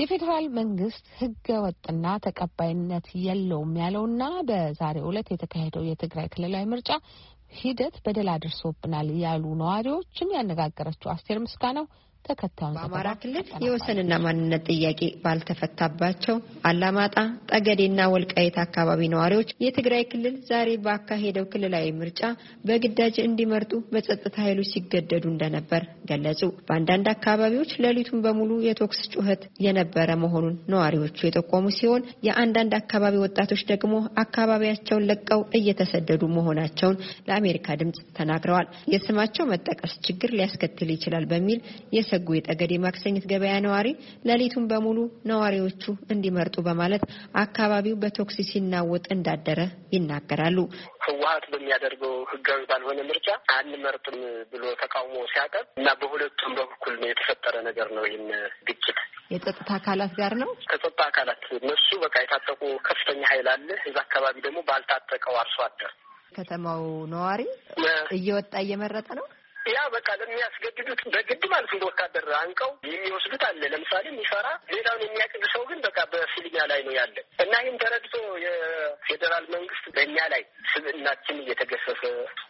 የፌዴራል መንግስት ህገ ወጥና ተቀባይነት የለውም ያለውና በዛሬው ዕለት የተካሄደው የትግራይ ክልላዊ ምርጫ ሂደት በደል አድርሶብናል ያሉ ነዋሪዎችን ያነጋገረችው አስቴር ምስጋናው ተከታዩን በአማራ ክልል የወሰንና ማንነት ጥያቄ ባልተፈታባቸው አላማጣ፣ ጠገዴና ወልቃይት አካባቢ ነዋሪዎች የትግራይ ክልል ዛሬ ባካሄደው ክልላዊ ምርጫ በግዳጅ እንዲመርጡ በጸጥታ ኃይሎች ሲገደዱ እንደነበር ገለጹ። በአንዳንድ አካባቢዎች ሌሊቱን በሙሉ የቶክስ ጩኸት የነበረ መሆኑን ነዋሪዎቹ የጠቆሙ ሲሆን የአንዳንድ አካባቢ ወጣቶች ደግሞ አካባቢያቸውን ለቀው እየተሰደዱ መሆናቸውን ለአሜሪካ ድምጽ ተናግረዋል። የስማቸው መጠቀስ ችግር ሊያስከትል ይችላል በሚል ሰጉ የጠገዴ ማክሰኝት ገበያ ነዋሪ ሌሊቱን በሙሉ ነዋሪዎቹ እንዲመርጡ በማለት አካባቢው በቶክሲ ሲናወጥ እንዳደረ ይናገራሉ። ህወሀት በሚያደርገው ህጋዊ ባልሆነ ምርጫ አንመርጥም ብሎ ተቃውሞ ሲያቀርብ እና በሁለቱም በኩል ነው የተፈጠረ ነገር ነው። ይህን ግጭት የጸጥታ አካላት ጋር ነው ከጸጥታ አካላት እነሱ በቃ የታጠቁ ከፍተኛ ኃይል አለ። እዛ አካባቢ ደግሞ ባልታጠቀው አርሶ አደር ከተማው ነዋሪ እየወጣ እየመረጠ ነው ያ በቃ ለሚያስገድዱት በግድ ማለት እንደ ወታደር አንቀው የሚወስዱት አለ። ለምሳሌ ሚሰራ ሌላውን የሚያቅድ ሰው ግን በቃ በስልኛ ላይ ነው ያለ እና ይህም ተረድቶ የፌዴራል መንግስት በእኛ ላይ ስብእናችን እየተገሰሰ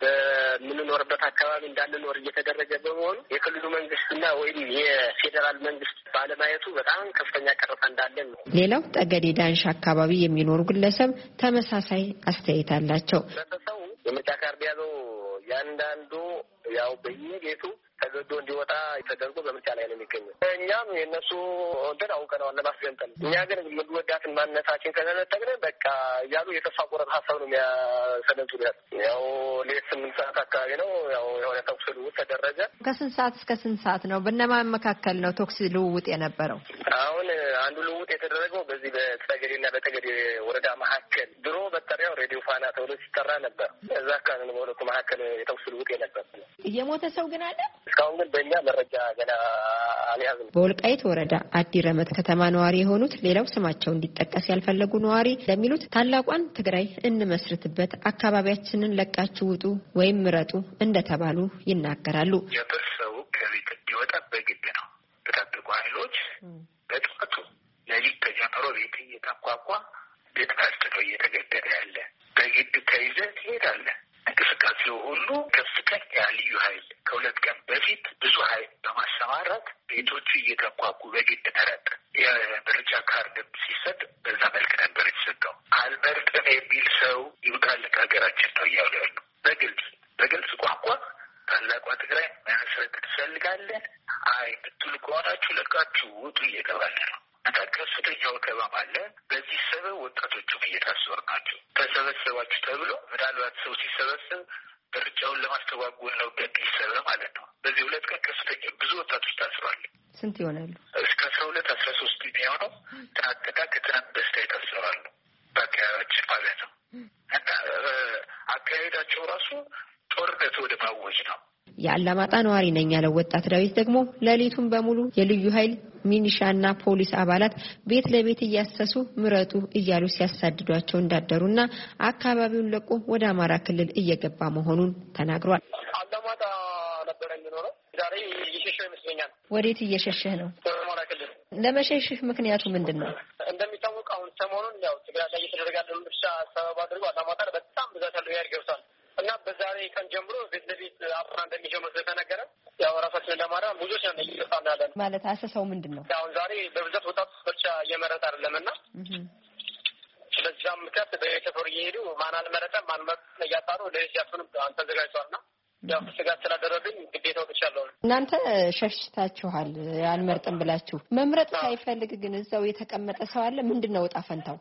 በምንኖርበት አካባቢ እንዳንኖር እየተደረገ በመሆኑ የክልሉ መንግስትና ወይም የፌዴራል መንግስት ባለማየቱ በጣም ከፍተኛ ቅሬታ እንዳለን ነው። ሌላው ጠገዴ ዳንሽ አካባቢ የሚኖሩ ግለሰብ ተመሳሳይ አስተያየት አላቸው። ሰው የመጫካር ቢያዘው ያንዳንዱ ያው በየቤቱ ተገዶ እንዲወጣ ተደርጎ በምርጫ ላይ ነው የሚገኘው። እኛም የእነሱ እንትን አውቀነዋል ለማስገንጠል እኛ ግን ወዳትን ማንነታችን ከተነጠቅን በቃ እያሉ የተስፋ ቆረጥ ሀሳብ ነው የሚያሰለጡ ያው ሌት ስምንት ሰዓት አካባቢ ነው ያው የሆነ ተኩስ ልውውጥ ተደረገ። ከስንት ሰዓት እስከ ስንት ሰዓት ነው? በነማን መካከል ነው ተኩስ ልውውጥ የነበረው? አሁን አንዱ ልውውጥ የተደረገው በዚህ በጸገዴ እና በጠገዴ ወረዳ መካከል ድሮ በጠሪያው ሬዲዮ ፋና ተብሎ ሲጠራ ነበር። እዛ አካባቢ ነው በሁለቱ መካከል የተኩስ ልውውጥ የነበር። የሞተ ሰው ግን አለ እስካሁን ግን በእኛ መረጃ ገና አልያዝም። በወልቃይት ወረዳ አዲ ረመት ከተማ ነዋሪ የሆኑት ሌላው ስማቸው እንዲጠቀስ ያልፈለጉ ነዋሪ እንደሚሉት ታላቋን ትግራይ እንመስርትበት፣ አካባቢያችንን ለቃችሁ ውጡ ወይም ምረጡ እንደተባሉ ይናገራሉ። የብር ሰው ከቤት እንዲወጣ በግድ ነው። በታጠቁ ኃይሎች በጠዋቱ ለሊት ተጀምሮ ቤት እየታንኳኳ ቤት ካስጥለው እየተገደደ ያለ በግድ ተይዘ ትሄዳለህ ኃላፊው ሁሉ ከፍተኛ ልዩ ኃይል ከሁለት ቀን በፊት ብዙ ኃይል በማሰማራት ቤቶቹ እየተንኳኩ በግድ ተረጥ የምርጫ ካርድ ሲሰጥ በዛ መልክ ነበር የተሰጠው። አልመርጥም የሚል ሰው ይውጣል ከሀገራችን ነው እያሉ ያሉ በግልጽ በግልጽ ቋንቋ ታላቋ ትግራይ መስረት ትፈልጋለን። አይ ብትሉ ከሆናችሁ ለቃችሁ ውጡ እየተባለ ነው። ከፍተኛ ከባብ አለ። በዚህ ሰበብ ወጣቶቹም እየታሰሩ ናቸው። ተሰበሰባችሁ ተብሎ ምናልባት ሰው ሲሰበሰብ ምርጫውን ለማስተጓጎል ነው ገድ ይሰበ ማለት ነው። በዚህ ሁለት ቀን ከፍተኛ ብዙ ወጣቶች ታስሯል። ስንት ይሆናሉ? እስከ አስራ ሁለት አስራ ሶስት የሚሆነው ትናንትና ከትናንት በስታ የታስረዋሉ በአካባቢያችን ማለት ነው እና አካሄዳቸው ራሱ ጦርነት ወደ ማወጅ ነው። የአላማጣ ነዋሪ ነኝ ያለው ወጣት ዳዊት ደግሞ ሌሊቱን በሙሉ የልዩ ኃይል ሚኒሻና ፖሊስ አባላት ቤት ለቤት እያሰሱ ምረጡ እያሉ ሲያሳድዷቸው እንዳደሩና አካባቢውን ለቆ ወደ አማራ ክልል እየገባ መሆኑን ተናግሯል። አላማጣ ነበረ የሚኖረው ዛሬ እየሸሸ ይመስለኛል። ወዴት እየሸሸህ ነው? ለመሸሽህ ምክንያቱ ምንድን ነው? ማለት አሰሰው ምንድን ነው? አሁን ዛሬ በብዛት ወጣቱ ምርጫ እየመረጠ አይደለም እና በዛም ምክንያት በሰፈር እየሄዱ ማን አልመረጠ ማን መረጠ እያጣሩ ለዚያቱንም ተዘጋጅተዋል ና ስጋት ስላደረብኝ ግዴታ ወጥቻለሁ። እናንተ ሸሽታችኋል አልመርጥም ብላችሁ። መምረጥ ሳይፈልግ ግን እዛው የተቀመጠ ሰው አለ። ምንድን ነው እጣ ፈንታው?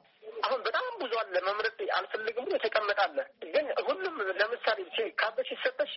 አሁን በጣም ብዙ አለ። መምረጥ አልፈልግም ብሎ የተቀመጠ አለ። ግን ካበ ሲሰጠሽ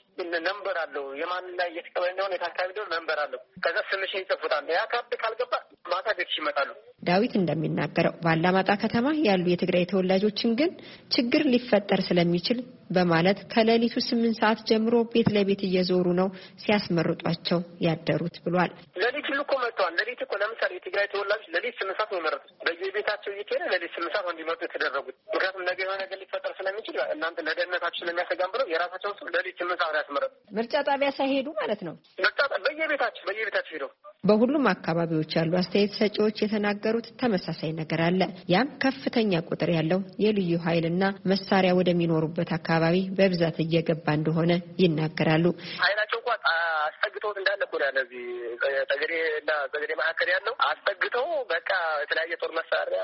ነንበር አለው የማን ላይ እየተቀበለ እንደሆነ የታካቢ ደሆነ ነንበር አለው። ከዛ ስምሽን ይጽፉታል። ያ ካርድ ካልገባ ማታ ቤትሽ ይመጣሉ። ዳዊት እንደሚናገረው ባላማጣ ከተማ ያሉ የትግራይ ተወላጆችን ግን ችግር ሊፈጠር ስለሚችል በማለት ከሌሊቱ ስምንት ሰዓት ጀምሮ ቤት ለቤት እየዞሩ ነው ሲያስመርጧቸው ያደሩት ብሏል። ሌሊት ሁሉ እኮ መጥተዋል። ሌሊት እኮ ለምሳሌ የትግራይ ተወላጆች ሌሊት ስምንት ሰዓት ነው የመረጡት። በየቤታቸው እየሄደ ሌሊት ስምንት ሰዓት እንዲመጡ የተደረጉት ምክንያቱም ነገ የሆነ ነገር ሊፈጠር ስለሚችል እናንተ ለደህንነታችሁ ስለሚያሰጋም ብለው የራሳቸውን ሰው ሌሊት ስምንት ሰዓት ያስመረጡት ምርጫ ጣቢያ ሳይሄዱ ማለት ነው። ምርጫ በየቤታቸው በየቤታቸው ሄደው በሁሉም አካባቢዎች ያሉ አስተያየት ሰጪዎች የተናገሩት ተመሳሳይ ነገር አለ። ያም ከፍተኛ ቁጥር ያለው የልዩ ኃይልና መሳሪያ ወደሚኖሩበት አካባቢ በብዛት እየገባ እንደሆነ ይናገራሉ። አስጠግተውት እንዳለ እኮ ነው ያለ እዚህ ጠገዴ እና ጠገዴ መካከል ያለው አስጠግተው በቃ የተለያየ ጦር መሳሪያ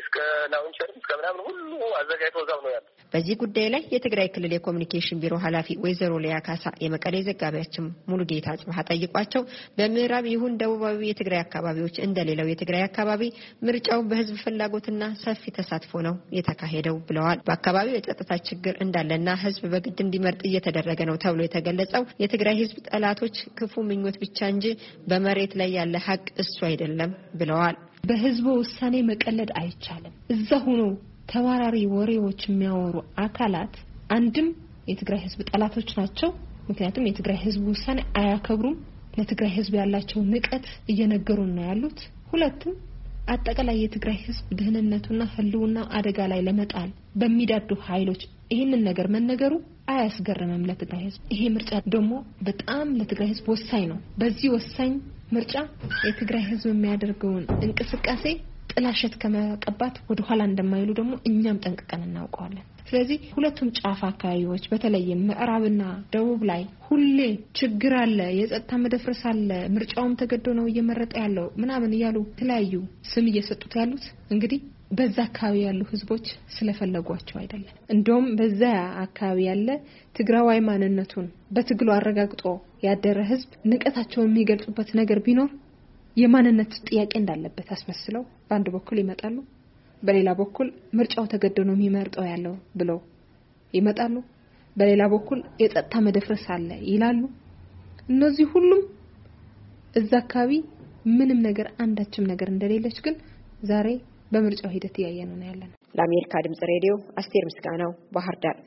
እስከ ላውንቸር እስከ ምናምን ሁሉ አዘጋጅተው እዛው ነው ያለው። በዚህ ጉዳይ ላይ የትግራይ ክልል የኮሚኒኬሽን ቢሮ ኃላፊ ወይዘሮ ሊያ ካሳ የመቀሌ ዘጋቢያችን ሙሉጌታ አጽባሀ ጠይቋቸው በምዕራብ ይሁን ደቡባዊ የትግራይ አካባቢዎች እንደሌለው የትግራይ አካባቢ ምርጫው በህዝብ ፍላጎትና ሰፊ ተሳትፎ ነው የተካሄደው ብለዋል። በአካባቢው የጸጥታ ችግር እንዳለና ህዝብ በግድ እንዲመርጥ እየተደረገ ነው ተብሎ የተገለጸው የትግራይ ህዝብ ጠላቶች ክፉ ምኞት ብቻ እንጂ በመሬት ላይ ያለ ሀቅ እሱ አይደለም ብለዋል። በህዝቡ ውሳኔ መቀለድ አይቻልም። እዛ ሆኖ ተባራሪ ወሬዎች የሚያወሩ አካላት አንድም የትግራይ ህዝብ ጠላቶች ናቸው። ምክንያቱም የትግራይ ህዝብ ውሳኔ አያከብሩም። ለትግራይ ህዝብ ያላቸው ንቀት እየነገሩን ነው ያሉት። ሁለትም አጠቃላይ የትግራይ ህዝብ ደህንነቱና ህልውና አደጋ ላይ ለመጣል በሚዳዱ ኃይሎች ይህንን ነገር መነገሩ አያስገርምም ለትግራይ ህዝብ። ይሄ ምርጫ ደግሞ በጣም ለትግራይ ህዝብ ወሳኝ ነው። በዚህ ወሳኝ ምርጫ የትግራይ ህዝብ የሚያደርገውን እንቅስቃሴ ጥላሸት ከመቀባት ወደኋላ እንደማይሉ ደግሞ እኛም ጠንቅቀን እናውቀዋለን። ስለዚህ ሁለቱም ጫፍ አካባቢዎች በተለይም ምዕራብና ደቡብ ላይ ሁሌ ችግር አለ፣ የጸጥታ መደፍረስ አለ፣ ምርጫውም ተገዶ ነው እየመረጠ ያለው ምናምን እያሉ የተለያዩ ስም እየሰጡት ያሉት እንግዲህ በዛ አካባቢ ያሉ ህዝቦች ስለፈለጓቸው አይደለም። እንደውም በዛ አካባቢ ያለ ትግራዋይ ማንነቱን በትግሉ አረጋግጦ ያደረ ህዝብ ንቀታቸውን የሚገልጹበት ነገር ቢኖር የማንነት ጥያቄ እንዳለበት አስመስለው በአንድ በኩል ይመጣሉ፣ በሌላ በኩል ምርጫው ተገዶ ነው የሚመርጠው ያለው ብለው ይመጣሉ፣ በሌላ በኩል የጸጥታ መደፍረስ አለ ይላሉ። እነዚህ ሁሉም እዛ አካባቢ ምንም ነገር አንዳችም ነገር እንደሌለች ግን ዛሬ በምርጫው ሂደት እያየነው ነው ያለነው። ለአሜሪካ ድምጽ ሬዲዮ አስቴር ምስጋናው ባህር ዳር